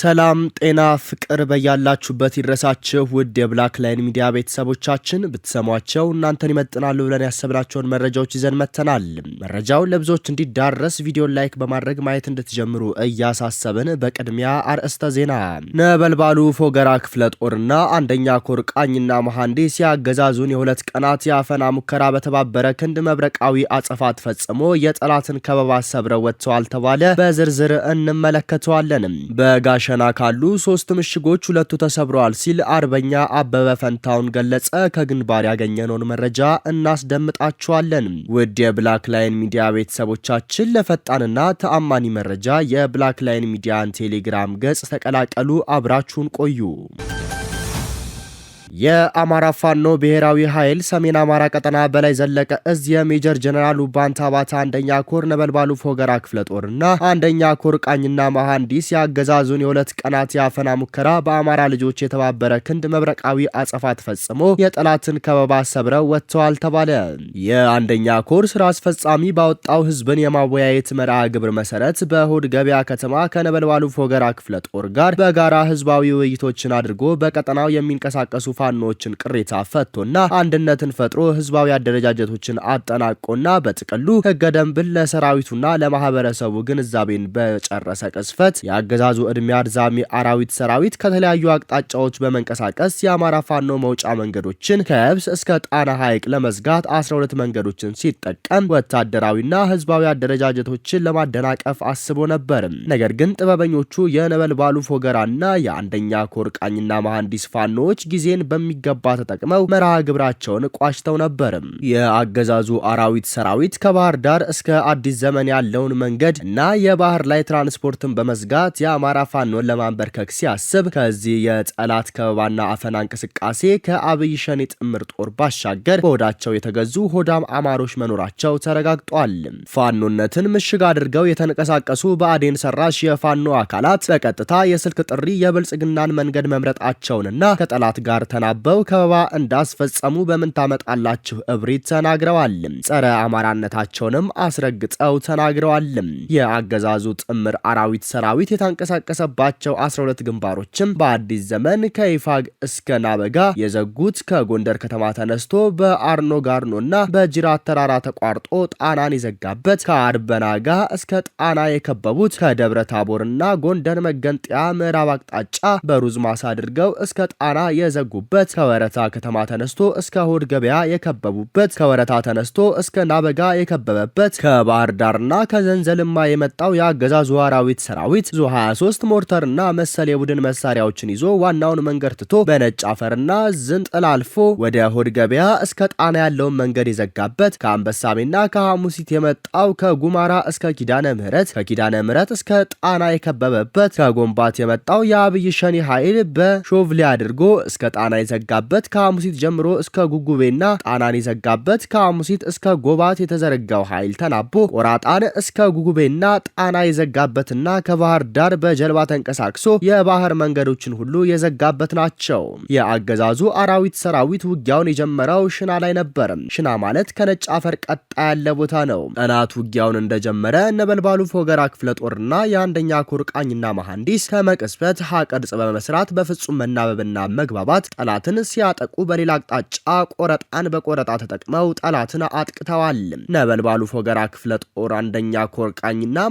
ሰላም ጤና ፍቅር በያላችሁበት ይድረሳችሁ። ውድ የብላክ ላይን ሚዲያ ቤተሰቦቻችን ብትሰሟቸው እናንተን ይመጥናሉ ብለን ያሰብናቸውን መረጃዎች ይዘን መተናል። መረጃው ለብዙዎች እንዲዳረስ ቪዲዮን ላይክ በማድረግ ማየት እንድትጀምሩ እያሳሰብን በቅድሚያ አርዕስተ ዜና። ነበልባሉ ፎገራ ክፍለ ጦርና አንደኛ ኮር ቃኝና መሐንዲስ የአገዛዙን የሁለት ቀናት የአፈና ሙከራ በተባበረ ክንድ መብረቃዊ አጸፋ ፈጽሞ የጠላትን ከበባ ሰብረው ወጥተዋል ተባለ። በዝርዝር እንመለከተዋለን። በጋሻ ሸና ካሉ ሶስት ምሽጎች ሁለቱ ተሰብረዋል ሲል አርበኛ አበበ ፈንታውን ገለጸ። ከግንባር ያገኘነውን መረጃ እናስደምጣችኋለን። ውድ የብላክ ላይን ሚዲያ ቤተሰቦቻችን ለፈጣንና ተአማኒ መረጃ የብላክ ላይን ሚዲያን ቴሌግራም ገጽ ተቀላቀሉ። አብራችሁን ቆዩ። የአማራ ፋኖ ብሔራዊ ኃይል ሰሜን አማራ ቀጠና በላይ ዘለቀ እዝ የሜጀር ጀነራል ባንታ ባታ አንደኛ ኮር ነበልባሉ ፎገራ ክፍለ ጦርና አንደኛ ኮር ቃኝና መሐንዲስ የአገዛዙን የሁለት ቀናት የአፈና ሙከራ በአማራ ልጆች የተባበረ ክንድ መብረቃዊ አጸፋ ተፈጽሞ የጠላትን ከበባ ሰብረው ወጥተዋል ተባለ። የአንደኛ ኮር ስራ አስፈጻሚ ባወጣው ህዝብን የማወያየት መርሃ ግብር መሰረት በእሁድ ገበያ ከተማ ከነበልባሉ ፎገራ ክፍለ ጦር ጋር በጋራ ህዝባዊ ውይይቶችን አድርጎ በቀጠናው የሚንቀሳቀሱ ፋኖዎችን ቅሬታ ፈቶና አንድነትን ፈጥሮ ህዝባዊ አደረጃጀቶችን አጠናቆና በጥቅሉ ህገ ደንብን ለሰራዊቱና ለማህበረሰቡ ግንዛቤን በጨረሰ ቅስፈት የአገዛዙ እድሜ አድዛሚ አራዊት ሰራዊት ከተለያዩ አቅጣጫዎች በመንቀሳቀስ የአማራ ፋኖ መውጫ መንገዶችን ከየብስ እስከ ጣና ሐይቅ ለመዝጋት 12 መንገዶችን ሲጠቀም ወታደራዊና ህዝባዊ አደረጃጀቶችን ለማደናቀፍ አስቦ ነበርም። ነገር ግን ጥበበኞቹ የነበልባሉ ፎገራና የአንደኛ ኮር ቃኝና መሐንዲስ ፋኖዎች ጊዜን በሚገባ ተጠቅመው መርሃ ግብራቸውን ቋጭተው ነበርም። የአገዛዙ አራዊት ሰራዊት ከባህር ዳር እስከ አዲስ ዘመን ያለውን መንገድ እና የባህር ላይ ትራንስፖርትን በመዝጋት የአማራ ፋኖን ለማንበርከክ ሲያስብ ከዚህ የጠላት ከበባና አፈና እንቅስቃሴ ከአብይ ሸኔ ጥምር ጦር ባሻገር በሆዳቸው የተገዙ ሆዳም አማሮች መኖራቸው ተረጋግጧል። ፋኖነትን ምሽግ አድርገው የተንቀሳቀሱ በአዴን ሰራሽ የፋኖ አካላት በቀጥታ የስልክ ጥሪ የብልጽግናን መንገድ መምረጣቸውንና ከጠላት ጋር ተ ተናበው ከበባ እንዳስፈጸሙ በምን ታመጣላችሁ እብሪት ተናግረዋል። ጸረ አማራነታቸውንም አስረግጠው ተናግረዋል። የአገዛዙ ጥምር አራዊት ሰራዊት የታንቀሳቀሰባቸው 12 ግንባሮችም በአዲስ ዘመን ከይፋግ እስከ ናበጋ የዘጉት ከጎንደር ከተማ ተነስቶ በአርኖ ጋርኖና በጅራት ተራራ ተቋርጦ ጣናን የዘጋበት ከአርበናጋ እስከ ጣና የከበቡት ከደብረ ታቦርና ጎንደር መገንጠያ ምዕራብ አቅጣጫ በሩዝ ማሳ አድርገው እስከ ጣና የዘጉበት የከበቡበት ከወረታ ከተማ ተነስቶ እስከ ሆድ ገበያ የከበቡበት ከወረታ ተነስቶ እስከ ናበጋ የከበበበት ከባህር ዳርና ከዘንዘልማ የመጣው የአገዛዙ አራዊት ሰራዊት ዙ 23 ሞርተርና መሰል የቡድን መሳሪያዎችን ይዞ ዋናውን መንገድ ትቶ በነጭ አፈርና ዝንጥል አልፎ ወደ ሆድ ገበያ እስከ ጣና ያለውን መንገድ የዘጋበት ከአንበሳሜና ከሐሙሲት የመጣው ከጉማራ እስከ ኪዳነ ምህረት ከኪዳነ ምህረት እስከ ጣና የከበበበት ከጎንባት የመጣው የአብይ ሸኒ ኃይል በሾቭሌ አድርጎ እስከ ጣና ጣናን የዘጋበት ከሐሙሲት ጀምሮ እስከ ጉጉቤና ጣናን የዘጋበት ከሐሙሲት እስከ ጎባት የተዘረጋው ኃይል ተናቦ ቆራጣን እስከ ጉጉቤና ጣና የዘጋበትና ከባህር ዳር በጀልባ ተንቀሳቅሶ የባህር መንገዶችን ሁሉ የዘጋበት ናቸው። የአገዛዙ አራዊት ሰራዊት ውጊያውን የጀመረው ሽና ላይ ነበር። ሽና ማለት ከነጭ አፈር ቀጣ ያለ ቦታ ነው። ጠናት ውጊያውን እንደጀመረ ነበልባሉ ፎገራ ክፍለ ጦርና የአንደኛ ኮር ቃኝና መሐንዲስ ከመቅስበት ሀቀርጽ በመስራት በፍጹም መናበብና መግባባት ጠላትን ሲያጠቁ በሌላ አቅጣጫ ቆረጣን በቆረጣ ተጠቅመው ጠላትን አጥቅተዋል። ነበልባሉ ፎገራ ክፍለ ጦር አንደኛ ኮር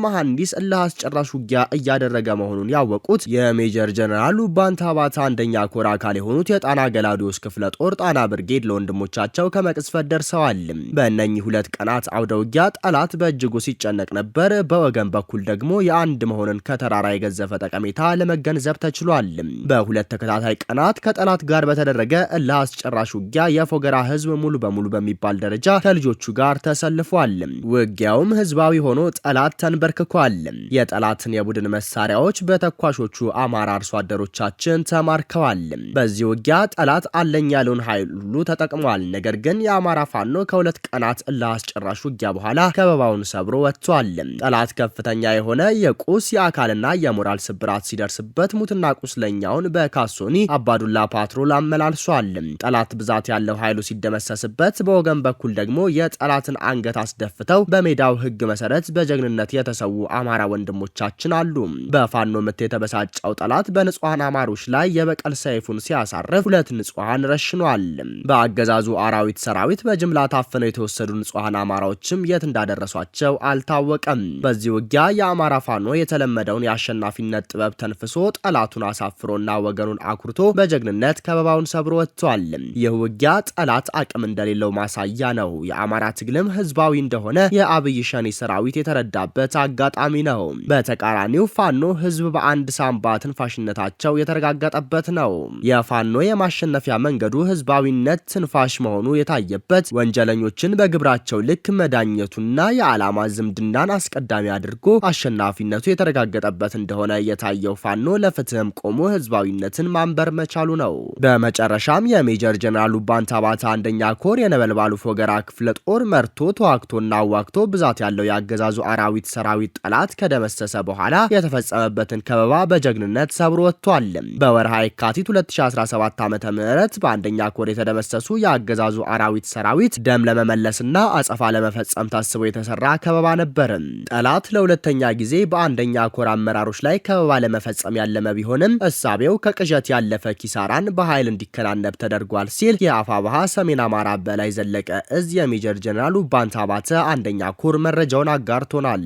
መሐንዲስ እልህ አስጨራሽ ውጊያ እያደረገ መሆኑን ያወቁት የሜጀር ጀነራሉ ባንታባታ አንደኛ ኮር አካል የሆኑት የጣና ገላዲዮስ ክፍለ ጦር ጣና ብርጌድ ለወንድሞቻቸው ከመቅስፈት ደርሰዋል። በእነኚህ ሁለት ቀናት አውደ ውጊያ ጠላት በእጅጉ ሲጨነቅ ነበር። በወገን በኩል ደግሞ የአንድ መሆንን ከተራራ የገዘፈ ጠቀሜታ ለመገንዘብ ተችሏል። በሁለት ተከታታይ ቀናት ከጠላት ጋር ጋር በተደረገ እልህ አስጨራሽ ውጊያ የፎገራ ህዝብ ሙሉ በሙሉ በሚባል ደረጃ ከልጆቹ ጋር ተሰልፏል። ውጊያውም ህዝባዊ ሆኖ ጠላት ተንበርክኳል። የጠላትን የቡድን መሳሪያዎች በተኳሾቹ አማራ አርሶ አደሮቻችን ተማርከዋል። በዚህ ውጊያ ጠላት አለኝ ያለውን ኃይል ሁሉ ተጠቅሟል። ነገር ግን የአማራ ፋኖ ከሁለት ቀናት እልህ አስጨራሽ ውጊያ በኋላ ከበባውን ሰብሮ ወጥቷል። ጠላት ከፍተኛ የሆነ የቁስ የአካልና የሞራል ስብራት ሲደርስበት ሙትና ቁስለኛውን በካሶኒ አባዱላ ፓትሮል በኩል አመላልሷል። ጠላት ብዛት ያለው ኃይሉ ሲደመሰስበት፣ በወገን በኩል ደግሞ የጠላትን አንገት አስደፍተው በሜዳው ህግ መሰረት በጀግንነት የተሰዉ አማራ ወንድሞቻችን አሉ። በፋኖ ምት የተበሳጨው ጠላት በንጹሐን አማሮች ላይ የበቀል ሰይፉን ሲያሳርፍ ሁለት ንጹሐን ረሽኗል። በአገዛዙ አራዊት ሰራዊት በጅምላ ታፍነው የተወሰዱ ንጹሐን አማራዎችም የት እንዳደረሷቸው አልታወቀም። በዚህ ውጊያ የአማራ ፋኖ የተለመደውን የአሸናፊነት ጥበብ ተንፍሶ ጠላቱን አሳፍሮና ወገኑን አኩርቶ በጀግንነት ከበ አበባውን ሰብሮ ወጥቷል። ይህ ውጊያ ጠላት አቅም እንደሌለው ማሳያ ነው። የአማራ ትግልም ህዝባዊ እንደሆነ የአብይ ሸኔ ሰራዊት የተረዳበት አጋጣሚ ነው። በተቃራኒው ፋኖ ህዝብ በአንድ ሳምባ ትንፋሽነታቸው የተረጋገጠበት ነው። የፋኖ የማሸነፊያ መንገዱ ህዝባዊነት ትንፋሽ መሆኑ የታየበት ወንጀለኞችን በግብራቸው ልክ መዳኘቱና የዓላማ ዝምድናን አስቀዳሚ አድርጎ አሸናፊነቱ የተረጋገጠበት እንደሆነ የታየው ፋኖ ለፍትህም ቆሞ ህዝባዊነትን ማንበር መቻሉ ነው። በመጨረሻም የሜጀር ጀነራል ባንታ ባታ አንደኛ ኮር የነበልባሉ ፎገራ ክፍለ ጦር መርቶ ተዋግቶና አዋግቶ ብዛት ያለው የአገዛዙ አራዊት ሰራዊት ጠላት ከደመሰሰ በኋላ የተፈጸመበትን ከበባ በጀግንነት ሰብሮ ወጥቷል። በወርሃ የካቲት 2017 ዓ ም በአንደኛ ኮር የተደመሰሱ የአገዛዙ አራዊት ሰራዊት ደም ለመመለስና አጸፋ ለመፈጸም ታስቦ የተሰራ ከበባ ነበር። ጠላት ለሁለተኛ ጊዜ በአንደኛ ኮር አመራሮች ላይ ከበባ ለመፈጸም ያለመ ቢሆንም እሳቤው ከቅዠት ያለፈ ኪሳራን በ ኃይል እንዲከናነብ ተደርጓል ሲል የአፋባሃ ሰሜን አማራ በላይ ዘለቀ እዝ የሜጀር ጀኔራሉ ባንታባተ አንደኛ ኩር መረጃውን አጋርቶናል።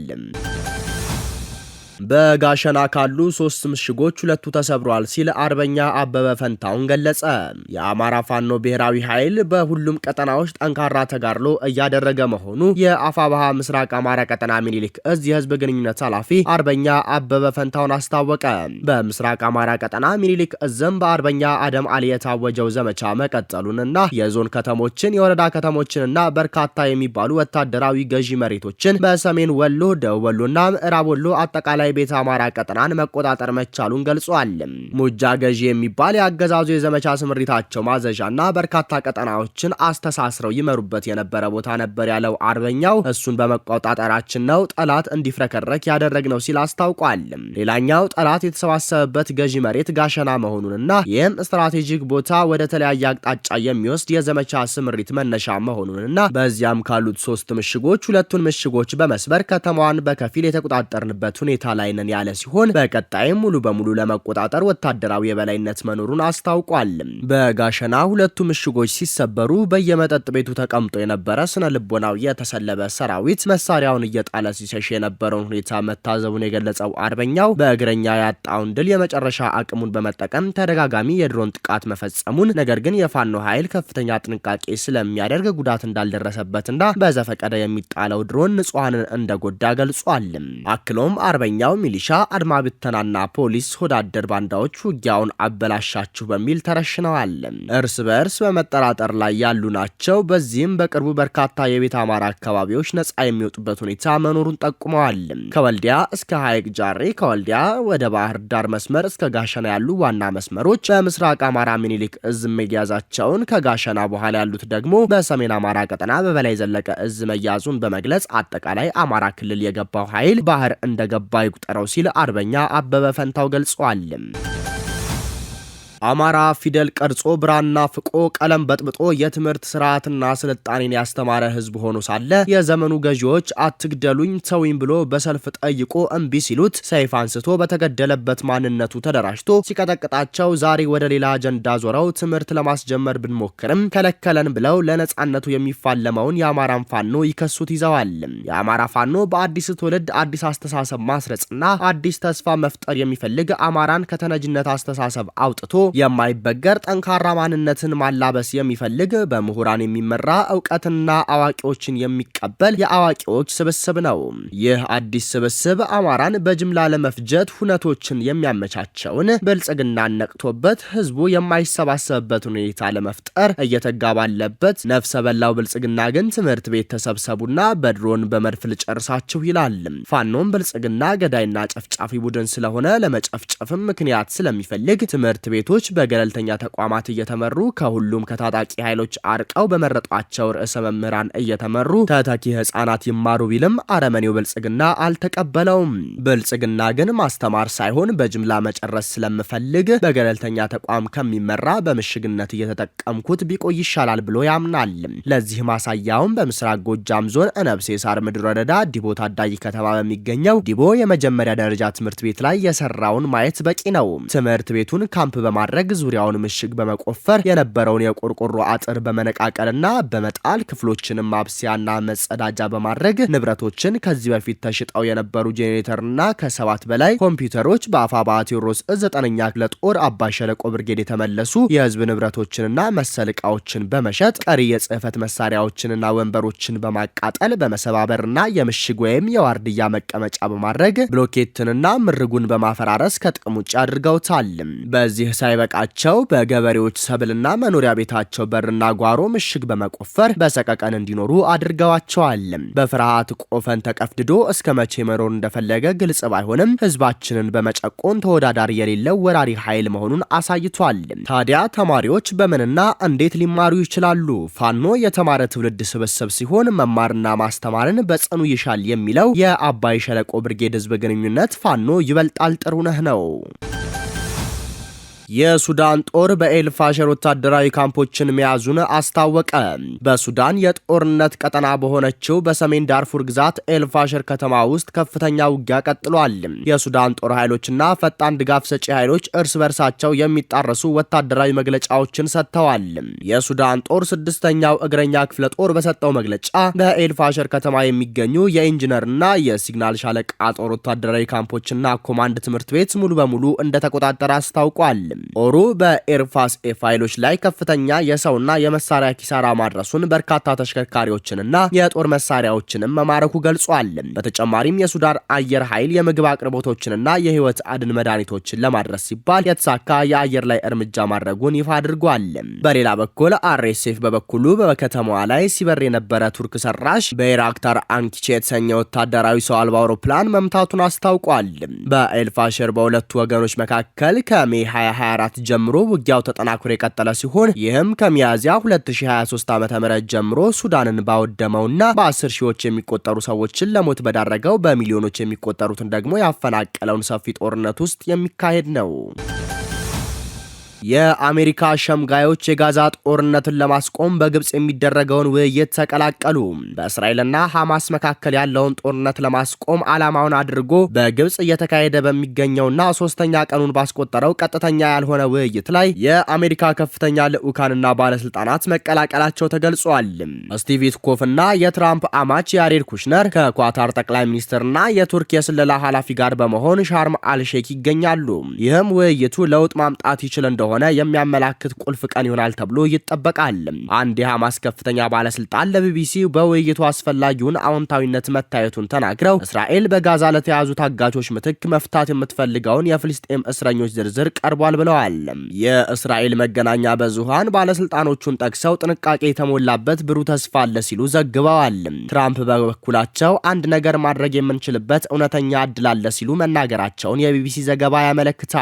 በጋሸና ካሉ ሶስት ምሽጎች ሁለቱ ተሰብሯል ሲል አርበኛ አበበ ፈንታውን ገለጸ። የአማራ ፋኖ ብሔራዊ ኃይል በሁሉም ቀጠናዎች ጠንካራ ተጋድሎ እያደረገ መሆኑ የአፋባሃ ምስራቅ አማራ ቀጠና ሚኒሊክ እዝ የህዝብ ግንኙነት ኃላፊ አርበኛ አበበ ፈንታውን አስታወቀ። በምስራቅ አማራ ቀጠና ሚኒሊክ እዝም በአርበኛ አደም አሊ የታወጀው ዘመቻ መቀጠሉንና የዞን ከተሞችን የወረዳ ከተሞችንና በርካታ የሚባሉ ወታደራዊ ገዢ መሬቶችን በሰሜን ወሎ፣ ደቡብ ወሎና ምዕራብ ወሎ አጠቃላይ ቤት አማራ ቀጠናን መቆጣጠር መቻሉን ገልጿል። ሙጃ ገዢ የሚባል የአገዛዙ የዘመቻ ስምሪታቸው ማዘዣና በርካታ ቀጠናዎችን አስተሳስረው ይመሩበት የነበረ ቦታ ነበር ያለው አርበኛው እሱን በመቆጣጠራችን ነው ጠላት እንዲፍረከረክ ያደረግነው ሲል አስታውቋል። ሌላኛው ጠላት የተሰባሰበበት ገዢ መሬት ጋሸና መሆኑንና ይህም ስትራቴጂክ ቦታ ወደ ተለያየ አቅጣጫ የሚወስድ የዘመቻ ስምሪት መነሻ መሆኑንና በዚያም ካሉት ሶስት ምሽጎች ሁለቱን ምሽጎች በመስበር ከተማዋን በከፊል የተቆጣጠርንበት ሁኔታ ላይ ነን ያለ ሲሆን በቀጣይም ሙሉ በሙሉ ለመቆጣጠር ወታደራዊ የበላይነት መኖሩን አስታውቋል። በጋሸና ሁለቱ ምሽጎች ሲሰበሩ በየመጠጥ ቤቱ ተቀምጦ የነበረ ስነ ልቦናው የተሰለበ ሰራዊት መሳሪያውን እየጣለ ሲሸሽ የነበረውን ሁኔታ መታዘቡን የገለጸው አርበኛው በእግረኛ ያጣውን ድል የመጨረሻ አቅሙን በመጠቀም ተደጋጋሚ የድሮን ጥቃት መፈጸሙን፣ ነገር ግን የፋኖ ኃይል ከፍተኛ ጥንቃቄ ስለሚያደርግ ጉዳት እንዳልደረሰበትና በዘፈቀደ የሚጣለው ድሮን ንጹሐንን እንደጎዳ ገልጿል። አክሎም አርበኛ አብዛኛው ሚሊሻ አድማ ብተናና ፖሊስ ሆዳደር ባንዳዎች ውጊያውን አበላሻችሁ በሚል ተረሽነዋል። እርስ በእርስ በመጠራጠር ላይ ያሉ ናቸው። በዚህም በቅርቡ በርካታ የቤት አማራ አካባቢዎች ነጻ የሚወጡበት ሁኔታ መኖሩን ጠቁመዋል። ከወልዲያ እስከ ሀይቅ ጃሬ፣ ከወልዲያ ወደ ባህር ዳር መስመር እስከ ጋሸና ያሉ ዋና መስመሮች በምስራቅ አማራ ሚኒሊክ እዝ መያዛቸውን ከጋሸና በኋላ ያሉት ደግሞ በሰሜን አማራ ቀጠና በበላይ ዘለቀ እዝ መያዙን በመግለጽ አጠቃላይ አማራ ክልል የገባው ኃይል ባህር እንደገባ ይቁጠረው ሲል አርበኛ አበበ ፈንታው ገልጿል። አማራ ፊደል ቀርጾ ብራና ፍቆ ቀለም በጥብጦ የትምህርት ስርዓትና ስልጣኔን ያስተማረ ህዝብ ሆኖ ሳለ የዘመኑ ገዢዎች አትግደሉኝ ሰውኝ ብሎ በሰልፍ ጠይቆ እምቢ ሲሉት ሰይፍ አንስቶ በተገደለበት ማንነቱ ተደራጅቶ ሲቀጠቅጣቸው ዛሬ ወደ ሌላ አጀንዳ ዞረው ትምህርት ለማስጀመር ብንሞክርም ከለከለን ብለው ለነጻነቱ የሚፋለመውን የአማራን ፋኖ ይከሱት ይዘዋል። የአማራ ፋኖ በአዲስ ትውልድ አዲስ አስተሳሰብ ማስረጽና አዲስ ተስፋ መፍጠር የሚፈልግ አማራን ከተነጅነት አስተሳሰብ አውጥቶ የማይበገር ጠንካራ ማንነትን ማላበስ የሚፈልግ በምሁራን የሚመራ እውቀትና አዋቂዎችን የሚቀበል የአዋቂዎች ስብስብ ነው። ይህ አዲስ ስብስብ አማራን በጅምላ ለመፍጀት ሁነቶችን የሚያመቻቸውን ብልጽግና ነቅቶበት ህዝቡ የማይሰባሰብበት ሁኔታ ለመፍጠር እየተጋ ባለበት ነፍሰ በላው ብልጽግና ግን ትምህርት ቤት ተሰብሰቡና በድሮን በመድፍ ልጨርሳችሁ ይላል። ፋኖም ብልጽግና ገዳይና ጨፍጫፊ ቡድን ስለሆነ ለመጨፍጨፍም ምክንያት ስለሚፈልግ ትምህርት ቤቱ ጥናቶች በገለልተኛ ተቋማት እየተመሩ ከሁሉም ከታጣቂ ኃይሎች አርቀው በመረጧቸው ርዕሰ መምህራን እየተመሩ ተተኪ ህጻናት ይማሩ ቢልም አረመኔው ብልጽግና አልተቀበለውም። ብልጽግና ግን ማስተማር ሳይሆን በጅምላ መጨረስ ስለምፈልግ በገለልተኛ ተቋም ከሚመራ በምሽግነት እየተጠቀምኩት ቢቆይ ይሻላል ብሎ ያምናል። ለዚህ ማሳያውም በምስራቅ ጎጃም ዞን እነብሴ ሳር ምድር ወረዳ ዲቦ ታዳጊ ከተማ በሚገኘው ዲቦ የመጀመሪያ ደረጃ ትምህርት ቤት ላይ የሰራውን ማየት በቂ ነው። ትምህርት ቤቱን ካምፕ በማ በማድረግ ዙሪያውን ምሽግ በመቆፈር የነበረውን የቆርቆሮ አጥር በመነቃቀልና በመጣል ክፍሎችንም ማብሰያና መጸዳጃ በማድረግ ንብረቶችን ከዚህ በፊት ተሽጠው የነበሩ ጄኔሬተርና ከሰባት በላይ ኮምፒውተሮች በአፋባ ቴዎድሮስ ዘጠነኛ ክፍለ ጦር አባ ሸለቆ ብርጌድ የተመለሱ የህዝብ ንብረቶችንና መሰል እቃዎችን በመሸጥ ቀሪ የጽህፈት መሳሪያዎችንና ወንበሮችን በማቃጠል በመሰባበርና የምሽግ ወይም የዋርድያ መቀመጫ በማድረግ ብሎኬትንና ምርጉን በማፈራረስ ከጥቅም ውጭ አድርገውታል። በዚህ ሳይ ሳይበቃቸው በገበሬዎች ሰብልና መኖሪያ ቤታቸው በርና ጓሮ ምሽግ በመቆፈር በሰቀቀን እንዲኖሩ አድርገዋቸዋል። በፍርሃት ቆፈን ተቀፍድዶ እስከ መቼ መኖር እንደፈለገ ግልጽ ባይሆንም ህዝባችንን በመጨቆን ተወዳዳሪ የሌለው ወራሪ ኃይል መሆኑን አሳይቷል። ታዲያ ተማሪዎች በምንና እንዴት ሊማሩ ይችላሉ? ፋኖ የተማረ ትውልድ ስብስብ ሲሆን መማርና ማስተማርን በጽኑ ይሻል የሚለው የአባይ ሸለቆ ብርጌድ ህዝብ ግንኙነት ፋኖ ይበልጣል ጥሩነህ ነው። የሱዳን ጦር በኤልፋሸር ወታደራዊ ካምፖችን መያዙን አስታወቀ። በሱዳን የጦርነት ቀጠና በሆነችው በሰሜን ዳርፉር ግዛት ኤልፋሸር ከተማ ውስጥ ከፍተኛ ውጊያ ቀጥሏል። የሱዳን ጦር ኃይሎችና ፈጣን ድጋፍ ሰጪ ኃይሎች እርስ በርሳቸው የሚጣረሱ ወታደራዊ መግለጫዎችን ሰጥተዋል። የሱዳን ጦር ስድስተኛው እግረኛ ክፍለ ጦር በሰጠው መግለጫ በኤልፋሸር ከተማ የሚገኙ የኢንጂነርና የሲግናል ሻለቃ ጦር ወታደራዊ ካምፖችና ኮማንድ ትምህርት ቤት ሙሉ በሙሉ እንደተቆጣጠረ አስታውቋል። ጦሩ በኤርፋስ ኤ ፋይሎች ላይ ከፍተኛ የሰውና የመሳሪያ ኪሳራ ማድረሱን በርካታ ተሽከርካሪዎችንና የጦር መሳሪያዎችንም መማረኩ ገልጿል። በተጨማሪም የሱዳን አየር ኃይል የምግብ አቅርቦቶችንና የህይወት አድን መድኃኒቶችን ለማድረስ ሲባል የተሳካ የአየር ላይ እርምጃ ማድረጉን ይፋ አድርጓል። በሌላ በኩል አርኤስኤፍ በበኩሉ በከተማዋ ላይ ሲበር የነበረ ቱርክ ሰራሽ በኢራክታር አንኪቼ የተሰኘ ወታደራዊ ሰው አልባ አውሮፕላን መምታቱን አስታውቋል። በኤልፋሸር በሁለቱ ወገኖች መካከል ከሜ 22 2024 ጀምሮ ውጊያው ተጠናክሮ የቀጠለ ሲሆን ይህም ከሚያዝያ 2023 ዓ.ም ጀምሮ ሱዳንን ባወደመውና በአስር ሺዎች የሚቆጠሩ ሰዎችን ለሞት በዳረገው በሚሊዮኖች የሚቆጠሩትን ደግሞ ያፈናቀለውን ሰፊ ጦርነት ውስጥ የሚካሄድ ነው። የአሜሪካ ሸምጋዮች የጋዛ ጦርነትን ለማስቆም በግብፅ የሚደረገውን ውይይት ተቀላቀሉ። በእስራኤልና ሐማስ መካከል ያለውን ጦርነት ለማስቆም ዓላማውን አድርጎ በግብፅ እየተካሄደ በሚገኘውና ሶስተኛ ቀኑን ባስቆጠረው ቀጥተኛ ያልሆነ ውይይት ላይ የአሜሪካ ከፍተኛ ልዑካንና ባለስልጣናት መቀላቀላቸው ተገልጿል። ስቲቭ ዊትኮፍ እና የትራምፕ አማች ያሬድ ኩሽነር ከኳታር ጠቅላይ ሚኒስትርና የቱርክ የስለላ ኃላፊ ጋር በመሆን ሻርም አልሼክ ይገኛሉ። ይህም ውይይቱ ለውጥ ማምጣት ይችል እንደሆነ እንደሆነ የሚያመላክት ቁልፍ ቀን ይሆናል ተብሎ ይጠበቃል። አንድ የሐማስ ከፍተኛ ባለስልጣን ለቢቢሲ በውይይቱ አስፈላጊውን አዎንታዊነት መታየቱን ተናግረው እስራኤል በጋዛ ለተያዙ ታጋቾች ምትክ መፍታት የምትፈልገውን የፍልስጤም እስረኞች ዝርዝር ቀርቧል ብለዋል። የእስራኤል መገናኛ ብዙሃን ባለስልጣኖቹን ጠቅሰው ጥንቃቄ የተሞላበት ብሩህ ተስፋ አለ ሲሉ ዘግበዋል። ትራምፕ በበኩላቸው አንድ ነገር ማድረግ የምንችልበት እውነተኛ እድል አለ ሲሉ መናገራቸውን የቢቢሲ ዘገባ ያመለክታል።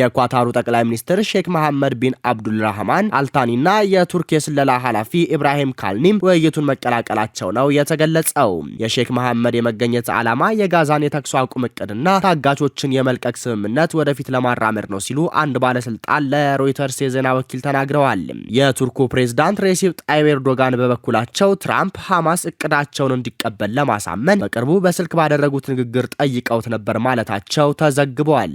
የኳታሩ ጠቅላይ ሚኒስትር ሼክ መሐመድ ቢን አብዱልራህማን አልታኒና የቱርክ የስለላ ኃላፊ ኢብራሂም ካልኒም ውይይቱን መቀላቀላቸው ነው የተገለጸው። የሼክ መሐመድ የመገኘት ዓላማ የጋዛን የተኩስ አቁም እቅድና ታጋቾችን የመልቀቅ ስምምነት ወደፊት ለማራመድ ነው ሲሉ አንድ ባለስልጣን ለሮይተርስ የዜና ወኪል ተናግረዋል። የቱርኩ ፕሬዝዳንት ሬሲፕ ጣይብ ኤርዶጋን በበኩላቸው ትራምፕ ሐማስ እቅዳቸውን እንዲቀበል ለማሳመን በቅርቡ በስልክ ባደረጉት ንግግር ጠይቀውት ነበር ማለታቸው ተዘግበዋል።